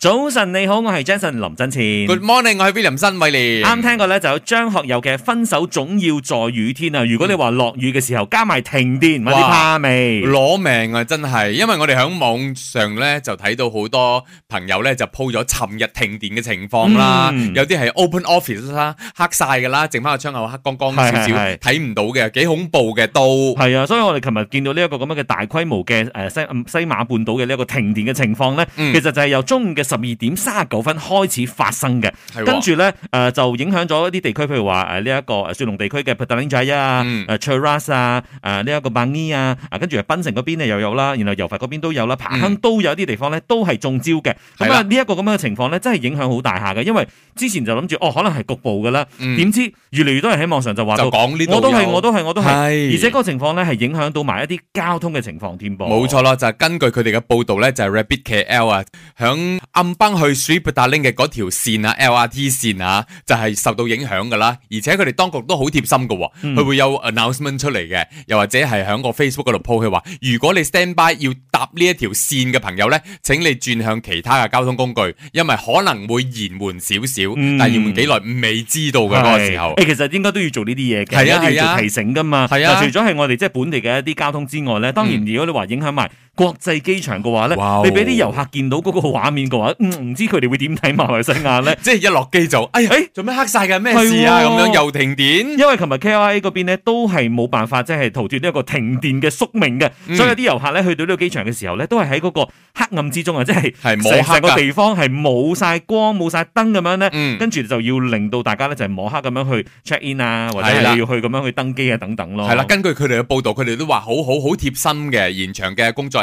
早晨你好，我係 Jason 林振千。Good morning，我係 v i l l i a 新偉廉。啱聽過咧，就有張學友嘅《分手總要在雨天》啊！如果你話落雨嘅時候加埋停電，嗯、有啲怕未？攞命啊！真係，因為我哋喺網上咧就睇到好多朋友咧就 p 咗尋日停電嘅情況啦，嗯、有啲係 open office 啦，黑晒噶啦，剩翻個窗口黑光光少少，睇唔到嘅，幾恐怖嘅都係啊！所以我哋琴日見到呢一個咁樣嘅大規模嘅誒西西馬半島嘅呢一個停電嘅情況咧，嗯、其實就係由中午嘅，十二點三十九分開始發生嘅，跟住咧誒就影響咗一啲地區，譬如話誒呢一個誒雪隆地區嘅 Petaling Jaya、嗯、啊、Cheras 啊、誒呢一個 Bangi 啊，啊跟住啊，檳城嗰邊咧又有啦，然後柔佛嗰邊有都有啦，彭亨都有啲地方咧都係中招嘅。咁啊，呢一個咁樣嘅情況咧，真係影響好大下嘅，因為之前就諗住哦，可能係局部㗎啦，點、嗯、知越嚟越多人喺網上就話，就講呢度，我都係，我都係，的我都係，而且嗰個情況咧係影響到埋一啲交通嘅情況添噃。冇錯啦，就係、是、根據佢哋嘅報道咧，就係、是、Rabbit KL 啊，響。暗崩去 Sri Petaling 嘅嗰條線啊，LRT 線啊，就係、是、受到影響噶啦。而且佢哋當局都好貼心噶、啊，佢、嗯、會有 announcement 出嚟嘅，又或者係喺個 Facebook 度 po 佢話，如果你 stand by 要搭呢一條線嘅朋友呢，請你轉向其他嘅交通工具，因為可能會延緩少少，嗯、但係延緩幾耐未知道嘅嗰個時候。欸、其實應該都要做呢啲嘢嘅，係啊，要提醒噶嘛。係啊，除咗係我哋即係本地嘅一啲交通之外呢，啊、嗯、當然如果你話影響埋。國際機場嘅話,你俾啲遊客見到嗰個畫面嘅話,嗯,唔知佢哋會點睇馬來西亞呢?即係一落機就,哎,哎,做咩黑晒嘅?咩事啊? Wow.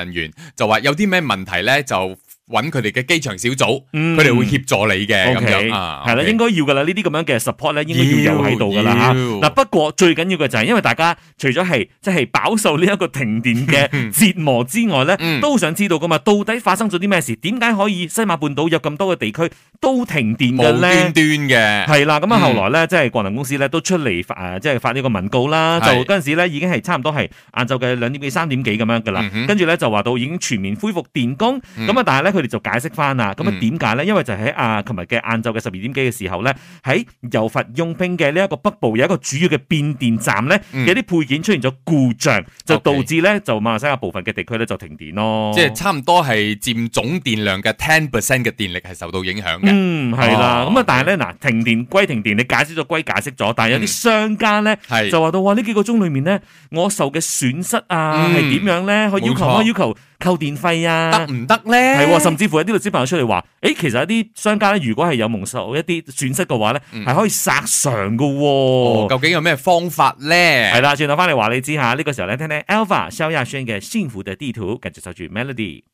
人員就話有啲咩問題咧就。揾佢哋嘅機場小組，佢哋會協助你嘅咁樣，係啦，應該要嘅啦。呢啲咁樣嘅 support 咧，應該要有喺度嘅啦嚇。嗱，不過最緊要嘅就係因為大家除咗係即係飽受呢一個停電嘅折磨之外咧，都想知道噶嘛，到底發生咗啲咩事？點解可以西馬半島有咁多嘅地區都停電嘅咧？無端端嘅，係啦。咁啊，後來咧，即係國能公司咧都出嚟發誒，即係發呢個文告啦。就嗰陣時咧，已經係差唔多係晏晝嘅兩點幾、三點幾咁樣嘅啦。跟住咧就話到已經全面恢復電供。咁啊，但係咧佢哋就解釋翻啦，咁啊點解咧？因為就喺啊，琴日嘅晏晝嘅十二點幾嘅時候咧，喺柔佛永平嘅呢一個北部有一個主要嘅變電站咧有啲配件出現咗故障，就導致咧 Okay, 就馬來西亞部分嘅地區咧就停電咯。即係差唔多係佔總電量嘅 ten percent 嘅電力係受到影響嘅。嗯，係啦。咁啊、哦，但係咧嗱，okay. 停電歸停電，你解釋咗歸解釋咗，但係有啲商家咧，係、嗯、就話到哇，呢幾個鐘裏面咧，我受嘅損失啊，係點樣咧？佢、嗯、要求，佢要求。扣電費啊行行，得唔得咧？係，甚至乎有啲律師朋友出嚟話，誒、欸，其實一啲商家咧，如果係有蒙受一啲損失嘅話咧，係、嗯、可以索償嘅、啊哦。究竟有咩方法咧？係啦，轉頭翻嚟話你知下，呢、這個時候咧，聽聽 Elva 蕭亞軒嘅《幸福的地圖》，繼續守住 Melody。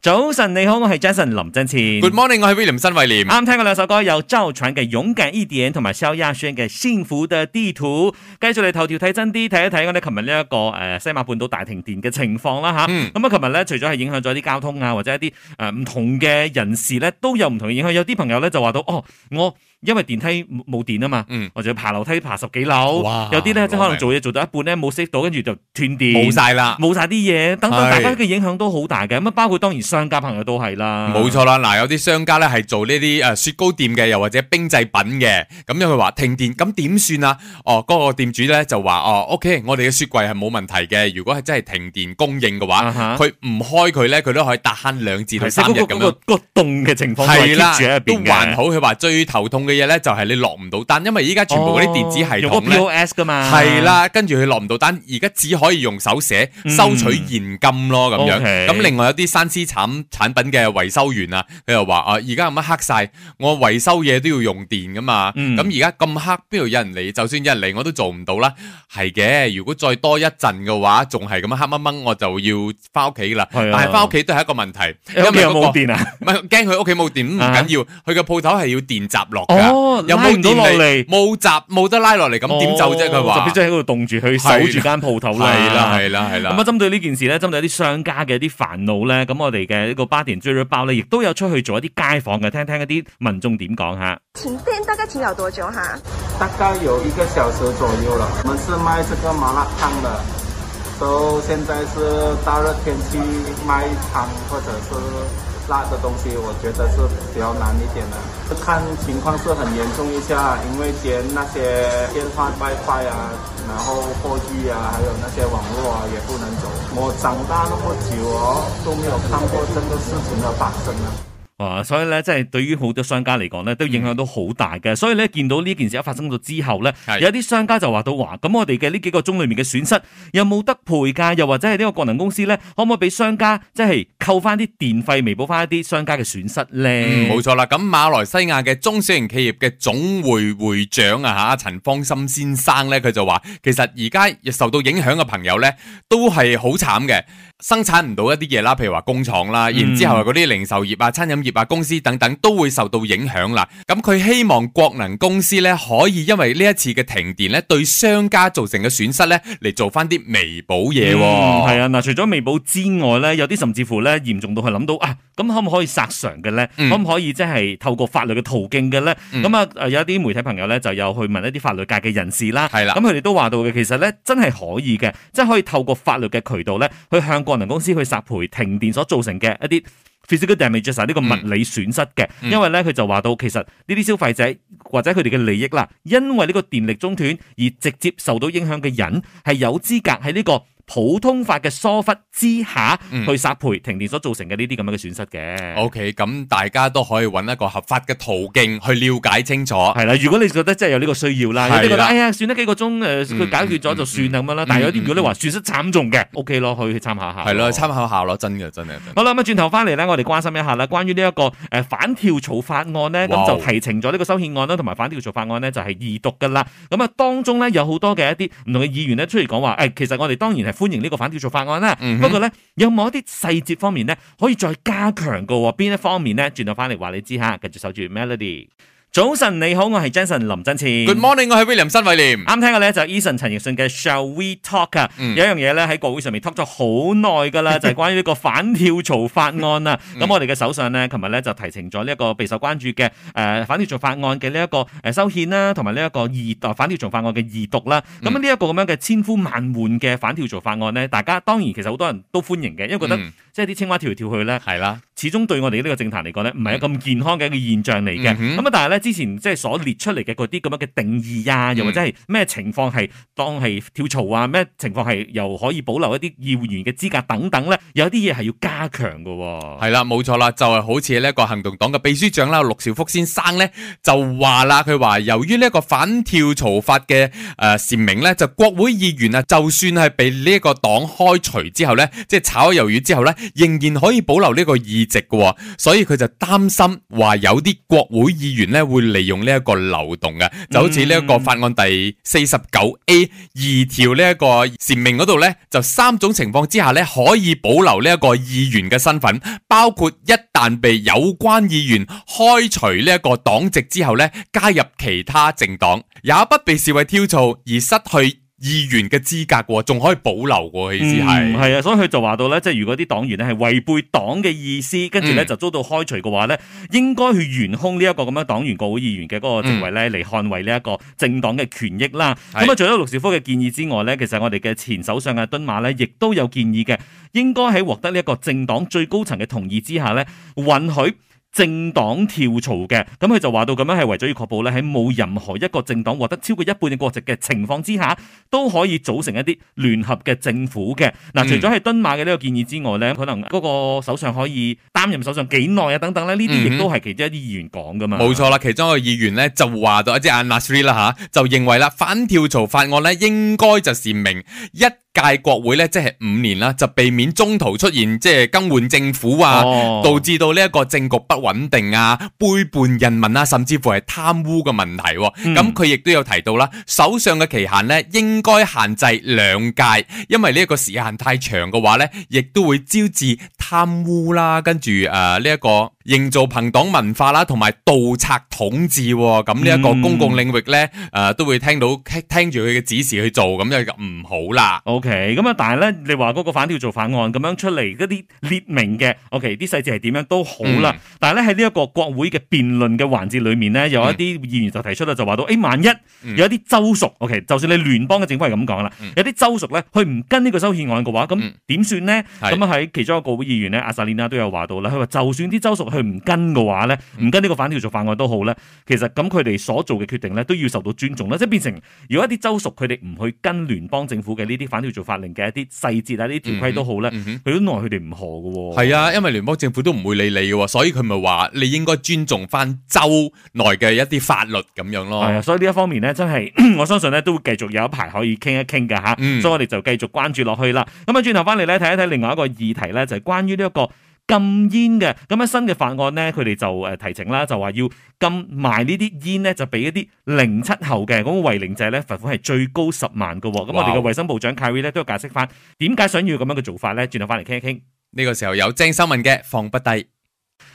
早晨，你好，我係 Jason 林振前。Good morning，我係 William 新慧廉。啱聽過兩首歌，有趙傳嘅勇敢一點，同埋蕭亞軒嘅幸福的地圖。繼續嚟頭條睇真啲，睇一睇我哋琴日呢一個誒、呃、西馬半島大停電嘅情況啦吓。咁啊，琴日咧除咗係影響咗啲交通啊，或者一啲誒唔同嘅人士咧都有唔同嘅影響。有啲朋友咧就話到哦，我因為電梯冇電啊嘛，或者、mm、爬樓梯爬十幾樓。哇有啲咧即係可能做嘢做到一半咧冇熄到，跟住就斷電，冇晒啦，冇晒啲嘢，等等，大家嘅影響都好大嘅。咁啊，包括當然。商家朋友都係啦，冇錯啦。嗱，有啲商家咧係做呢啲誒雪糕店嘅，又或者冰製品嘅，咁樣佢話停電，咁點算啊？哦，嗰、嗰個店主咧就話哦，OK，我哋嘅雪櫃係冇問題嘅。如果係真係停電供應嘅話，佢唔、uh huh. 開佢咧，佢都可以達限兩至第三日咁樣個凍嘅、那個那個、情況喺店都還好，佢話最頭痛嘅嘢咧就係你落唔到單，因為依家全部嗰啲電子系統、哦、用個 POS 噶嘛，係啦。跟住佢落唔到單，而家只可以用手寫收取現金咯咁、嗯、樣。咁 Okay. 另外有啲生鮮。產品嘅維修員啊，佢又話啊，而家咁黑晒，我維修嘢都要用電噶嘛。咁而家咁黑，邊度有人嚟？就算有人嚟，我都做唔到啦。係嘅，如果再多一陣嘅話，仲係咁黑掹掹，我就要翻屋企啦。但係翻屋企都係一個問題，因為佢冇電啊。唔係驚佢屋企冇電，唔緊要，佢個鋪頭係要電閘落噶。哦，又冇電嚟，冇閘冇得拉落嚟，咁點走啫？佢話特別真喺度凍住，佢守住間鋪頭。係啦係啦係啦。咁啊，針對呢件事咧，針對一啲商家嘅啲煩惱咧，咁我哋。嘅一個巴田追女包咧，亦都有出去做一啲街訪嘅，聽聽一啲民眾點講嚇。停電大概停有多久嚇、啊？大概有一個小時左右啦。我們是賣這個麻辣燙的，都現在是大熱天氣賣燙或者是辣嘅東西，我覺得是比較難一點啦。看情況是很嚴重一下，因為嫌那些電話 WiFi 啊。然後貨櫃啊，還有那些網絡啊，也不能走。我長大那麼久哦，都沒有看過這個事情的發生啊。啊，所以咧，即係對於好多商家嚟講咧，都影響到好大嘅。嗯、所以咧，見到呢件事發生咗之後呢，是有啲商家就話到話，咁我哋嘅呢幾個鐘裏面嘅損失有冇得賠㗎？又或者係呢個國能公司呢，可唔可以俾商家即係扣翻啲電費，彌補翻一啲商家嘅損失呢？嗯，冇錯啦。咁馬來西亞嘅中小型企業嘅總會會長啊，吓陳方心先生呢，佢就話，其實而家受到影響嘅朋友呢，都係好慘嘅。生產唔到一啲嘢啦，譬如話工廠啦，嗯、然之後嗰啲零售業啊、餐飲業啊、公司等等都會受到影響啦。咁佢希望國能公司呢，可以因為呢一次嘅停電呢，對商家造成嘅損失呢，嚟做翻啲微補嘢。係、嗯、啊，嗱，除咗微補之外呢，有啲甚至乎呢，嚴重到係諗到啊。咁可唔可以索償嘅咧？嗯、可唔可以即係透過法律嘅途徑嘅咧？咁啊、嗯，有一啲媒體朋友咧，就有去問一啲法律界嘅人士啦。係啦的，咁佢哋都話到嘅，其實咧真係可以嘅，即、就、係、是、可以透過法律嘅渠道咧，去向國能公司去索賠停電所造成嘅一啲 physical damages 啊，呢個物理損失嘅。嗯嗯、因為咧，佢就話到其實呢啲消費者或者佢哋嘅利益啦，因為呢個電力中斷而直接受到影響嘅人係有資格喺呢、這個。普通法嘅疏忽之下、嗯、去殺賠停電所造成嘅呢啲咁樣嘅損失嘅。OK，咁大家都可以揾一個合法嘅途徑去了解清楚。係啦，如果你覺得真係有呢個需要啦，你覺得，哎呀，算得幾個鐘誒，佢、呃嗯、解決咗就算啊咁樣啦。嗯嗯嗯、但係有啲、嗯嗯、如果你話損失慘重嘅、嗯、OK 咯去去參考下。係啦，參考下咯，真嘅，真嘅。真真好啦，咁啊，轉頭翻嚟咧，我哋關心一下啦，關於呢一個誒反跳槽法案咧，咁、哦、就提呈咗呢個修憲案啦，同埋反跳槽法案咧就係二讀噶啦。咁啊，當中咧有好多嘅一啲唔同嘅議員咧出嚟講話，誒、哎，其實我哋當然係。歡迎呢個反跳做法案啦，mm hmm. 不過呢，有冇一啲細節方面呢可以再加強嘅？邊一方面呢，轉到翻嚟話你知嚇，繼續守住 Melody。早晨，你好，我係 Jason 林真前。Good morning，我係 William 新偉廉。啱聽嘅咧就係、Eason 陳奕迅嘅《Shall We Talk》啊，嗯、有一樣嘢咧喺國會上面 talk 咗好耐噶啦，就係、是、關於呢個反跳槽法案啊。咁、嗯、我哋嘅首相咧，琴日咧就提呈咗呢一個備受關注嘅誒、呃、反跳槽法案嘅呢一個誒修憲啦、啊，同埋呢一個二誒反跳槽法案嘅二讀啦、啊。咁呢一個咁樣嘅千呼萬喚嘅反跳槽法案咧，大家當然其實好多人都歡迎嘅，因為覺得即係啲青蛙跳跳去咧，係啦、嗯。嗯始終對我哋呢個政壇嚟講呢，唔係一個咁健康嘅一個現象嚟嘅。咁啊、嗯哼，但係呢，之前即係所列出嚟嘅嗰啲咁樣嘅定義啊，嗯、又或者係咩情況係當係跳槽啊？咩情況係又可以保留一啲議員嘅資格等等呢？有啲嘢係要加強㗎、哦。係啦，冇錯啦，就係、是、好似呢個行動黨嘅秘書長啦，陸兆福先生呢，就話啦，佢話由於呢個反跳槽法嘅誒闡明呢，就國會議員啊，就算係被呢個黨開除之後呢，即、就、係、是、炒咗魷魚之後呢，仍然可以保留呢個議值所以佢就擔心話有啲國會議員咧會利用呢一個漏洞嘅，就好似呢一個法案第四十九 A 二條呢一個聲明嗰度呢，就三種情況之下呢，可以保留呢一個議員嘅身份，包括一旦被有關議員開除呢一個黨籍之後呢，加入其他政黨，也不被視為跳槽而失去。議員嘅資格嘅喎，仲可以保留嘅喎，意思係，係啊，所以佢就話到咧，即係如果啲黨員咧係違背黨嘅意思，跟住咧、嗯、就遭到開除嘅話咧，應該去懸空呢一個咁樣黨員國會議員嘅嗰個職位咧嚟、嗯、捍衛呢一個政黨嘅權益啦。咁啊、嗯，除咗陸兆福嘅建議之外咧，是其實我哋嘅前首相啊敦馬咧，亦都有建議嘅，應該喺獲得呢一個政黨最高層嘅同意之下咧，允許。政黨跳槽嘅，咁佢就話到咁樣係為咗要確保咧，喺冇任何一個政黨獲得超過一半嘅國籍嘅情況之下，都可以組成一啲聯合嘅政府嘅。嗱、啊，除咗係敦馬嘅呢個建議之外呢，可能嗰個首相可以擔任首相幾耐啊？等等呢，呢啲亦都係其中一啲議員講噶嘛。冇、嗯、錯啦，其中一個議員呢，就話到一隻眼，n s r i 啦嚇，就認為啦反跳槽法案呢應該就是明一。屆國會咧，即係五年啦，就避免中途出現即係更換政府啊，哦、導致到呢一個政局不穩定啊、背叛人民啊，甚至乎係貪污嘅問題、啊。咁佢亦都有提到啦，首相嘅期限咧應該限制兩屆，因為呢一個時限太長嘅話咧，亦都會招致貪污啦。跟住誒呢一個。營造朋黨文化啦，同埋盜賊統治，咁呢一個公共領域咧，誒都會聽到聽住佢嘅指示去做，咁就唔好啦。OK，咁啊，但係咧，你話嗰個反跳槽法案咁樣出嚟嗰啲列明嘅，OK，啲細節係點樣都好啦。但係咧，喺呢一個國會嘅辯論嘅環節裡面咧，有一啲議員就提出啦，就話到誒，萬一有一啲州屬，OK，就算你聯邦嘅政府係咁講啦，有啲州屬咧，佢唔跟呢個修憲案嘅話，咁點算呢？咁啊喺其中一個國會議員咧，阿莎麗娜都有話到啦，佢話就算啲州屬佢唔跟嘅話咧，唔跟呢個反調做法案都好咧。其實咁，佢哋所做嘅決定咧，都要受到尊重啦。即係變成，如果一啲州屬佢哋唔去跟聯邦政府嘅呢啲反調做法令嘅一啲細節啊，呢啲條規都好咧，佢、嗯嗯、都奈佢哋唔何嘅。係啊，因為聯邦政府都唔會理你嘅，所以佢咪話你應該尊重翻州內嘅一啲法律咁樣咯。係啊、哎，所以呢一方面咧，真係我相信咧都會繼續有一排可以傾一傾嘅吓。嗯、所以我哋就繼續關注落去啦。咁啊，轉頭翻嚟咧，睇一睇另外一個議題咧，就係關於呢一個。禁煙嘅咁樣新嘅法案呢，佢哋就誒提呈啦，就話要禁埋呢啲煙呢，就俾一啲零七後嘅咁違令者呢，罰款係最高十萬嘅。咁哇我哋嘅衛生部長 Khairy 呢，都有解釋翻，點解想要咁樣嘅做法呢。轉頭翻嚟傾一傾。呢個時候有鄭秀文嘅放不低。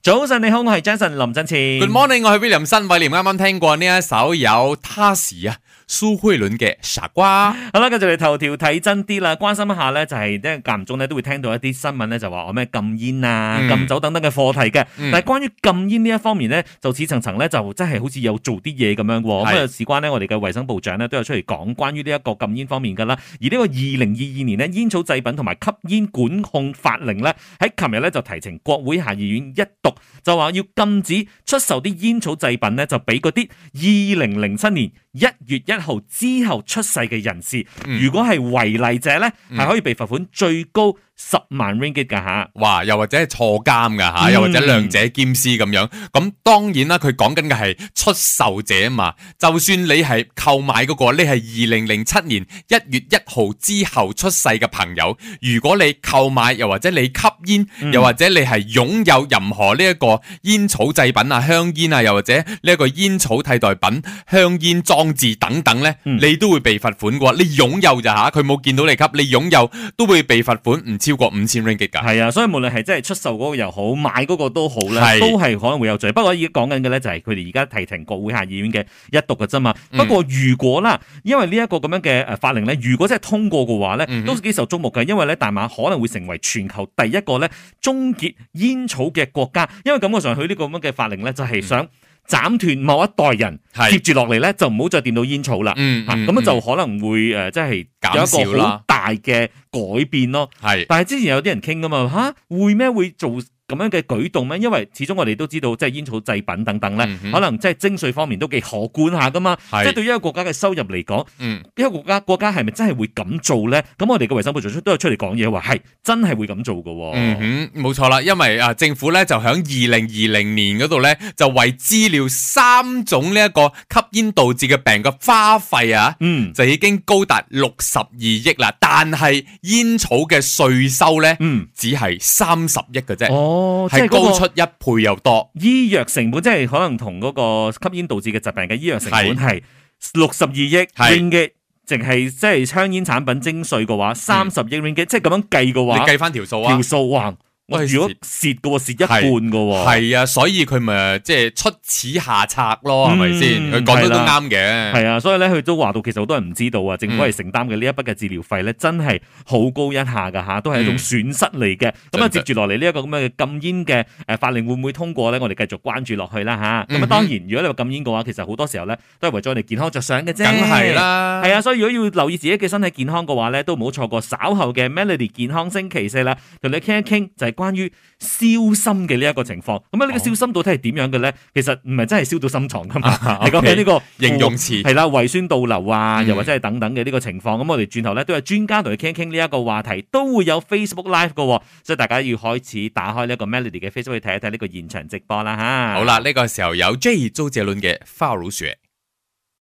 早晨，你好，我係 Jason 林振前。Good morning，我係 William 新偉廉。啱啱聽過呢一首有他是啊蘇慧倫嘅傻瓜。好啦，繼續嚟頭條睇真啲啦，關心一下咧、就是，就係即係間唔中咧都會聽到一啲新聞咧，就話我咩禁煙啊、禁酒等等嘅課題嘅。嗯、但係關於禁煙呢一方面咧，就似層層咧就真係好似有做啲嘢咁樣。咁啊是事關呢，我哋嘅衛生部長咧都有出嚟講關於呢一個禁煙方面噶啦。而呢個二零二二年呢，煙草製品同埋吸煙管控法令咧喺琴日咧就提呈國會下議院一就話要禁止出售啲煙草製品咧，就俾嗰啲二零零七年一月一號之後出世嘅人士，如果係違例者咧，係可以被罰款最高。十萬 ringgit 噶吓，哇！又或者係坐監噶吓，又或者兩者兼施咁樣。咁當然啦，佢講緊嘅係出售者啊嘛。就算你係購買嗰個，你係二零零七年一月一號之後出世嘅朋友，如果你購買，又或者你吸煙，又或者你係擁有任何呢一個煙草製品啊、香煙啊，又或者呢一個煙草替代品、香煙裝置等等咧，你都會被罰款嘅。你擁有就吓，佢冇見到你吸，你擁有都會被罰款。唔止。超過五千 ringgit 噶，係啊，所以無論係即係出售嗰個又好，買嗰個都好咧，都係可能會有罪。是不過而家講緊嘅咧就係佢哋而家提呈國會下議院嘅一讀噶啫嘛。嗯、不過如果啦，因為呢一個咁樣嘅誒法令咧，如果真係通過嘅話咧，都幾受矚目嘅。因為咧，大馬可能會成為全球第一個咧終結煙草嘅國家。因為感覺上，佢呢個咁樣嘅法令咧就係想、嗯。斬斷某一代人係接住落嚟咧，就唔好再掂到煙草啦。咁、嗯嗯嗯、樣就可能會誒，即係搞一個好大嘅改變咯。係，但係之前有啲人傾㗎嘛，吓會咩會做？咁樣嘅舉動咩？因為始終我哋都知道，即係煙草製品等等咧，嗯、哼可能即係徵稅方面都幾可觀下噶嘛。是即係對於一個國家嘅收入嚟講，嗯，一個國家國家係咪真係會咁做咧？咁我哋嘅衛生部做出都有出嚟講嘢話，係真係會咁做噶、哦。嗯哼，冇錯啦，因為啊，政府咧就喺二零二零年嗰度咧，就為治療三種呢一個吸煙導致嘅病嘅花費啊，嗯，就已經高達六十二億啦。但係煙草嘅稅收咧，嗯，只係三十億嘅啫。哦，係高出一倍又多，醫藥成本 即係可能同嗰個吸煙導致嘅疾病嘅醫藥成本係六十二億，係嘅淨係即係香煙產品徵稅嘅話三十億 ringgit 即係咁樣計嘅話，你計翻條數啊？條數啊？我如果蝕嘅喎，蝕一半嘅喎，係啊，所以佢咪即係出此下策咯，係咪先？佢講得都啱嘅，係啊，所以咧佢都話到，其實好多人唔知道啊，政府係承擔嘅呢一筆嘅治療費咧，真係好高一下㗎吓，都係一種損失嚟嘅。咁啊、嗯，接住落嚟呢一個咁嘅禁煙嘅誒法令會唔會通過咧？我哋繼續關注落去啦吓。咁啊、嗯哼，當然如果你話禁煙嘅話，其實好多時候咧都係為咗你健康着想嘅啫。梗係啦，係啊，所以如果要留意自己嘅身體健康嘅話咧，都唔好錯過稍後嘅 Melody 健康星期四啦，同你傾一傾就係。嗯關於燒心嘅呢一個情況，咁啊呢個燒心到底係點樣嘅咧？其實唔係真係燒到心臟噶嘛，你講緊呢個形容詞，係、哦、啦胃酸倒流啊，嗯、又或者係等等嘅呢個情況。咁我哋轉頭咧都有專家同佢傾傾呢一個話題，都會有 Facebook Live 噶，所以大家要開始打開呢一個 Melody 嘅 Facebook 去睇一睇呢個現場直播啦吓。好啦，呢、這個時候有 Jay，周杰倫嘅《花如雪》。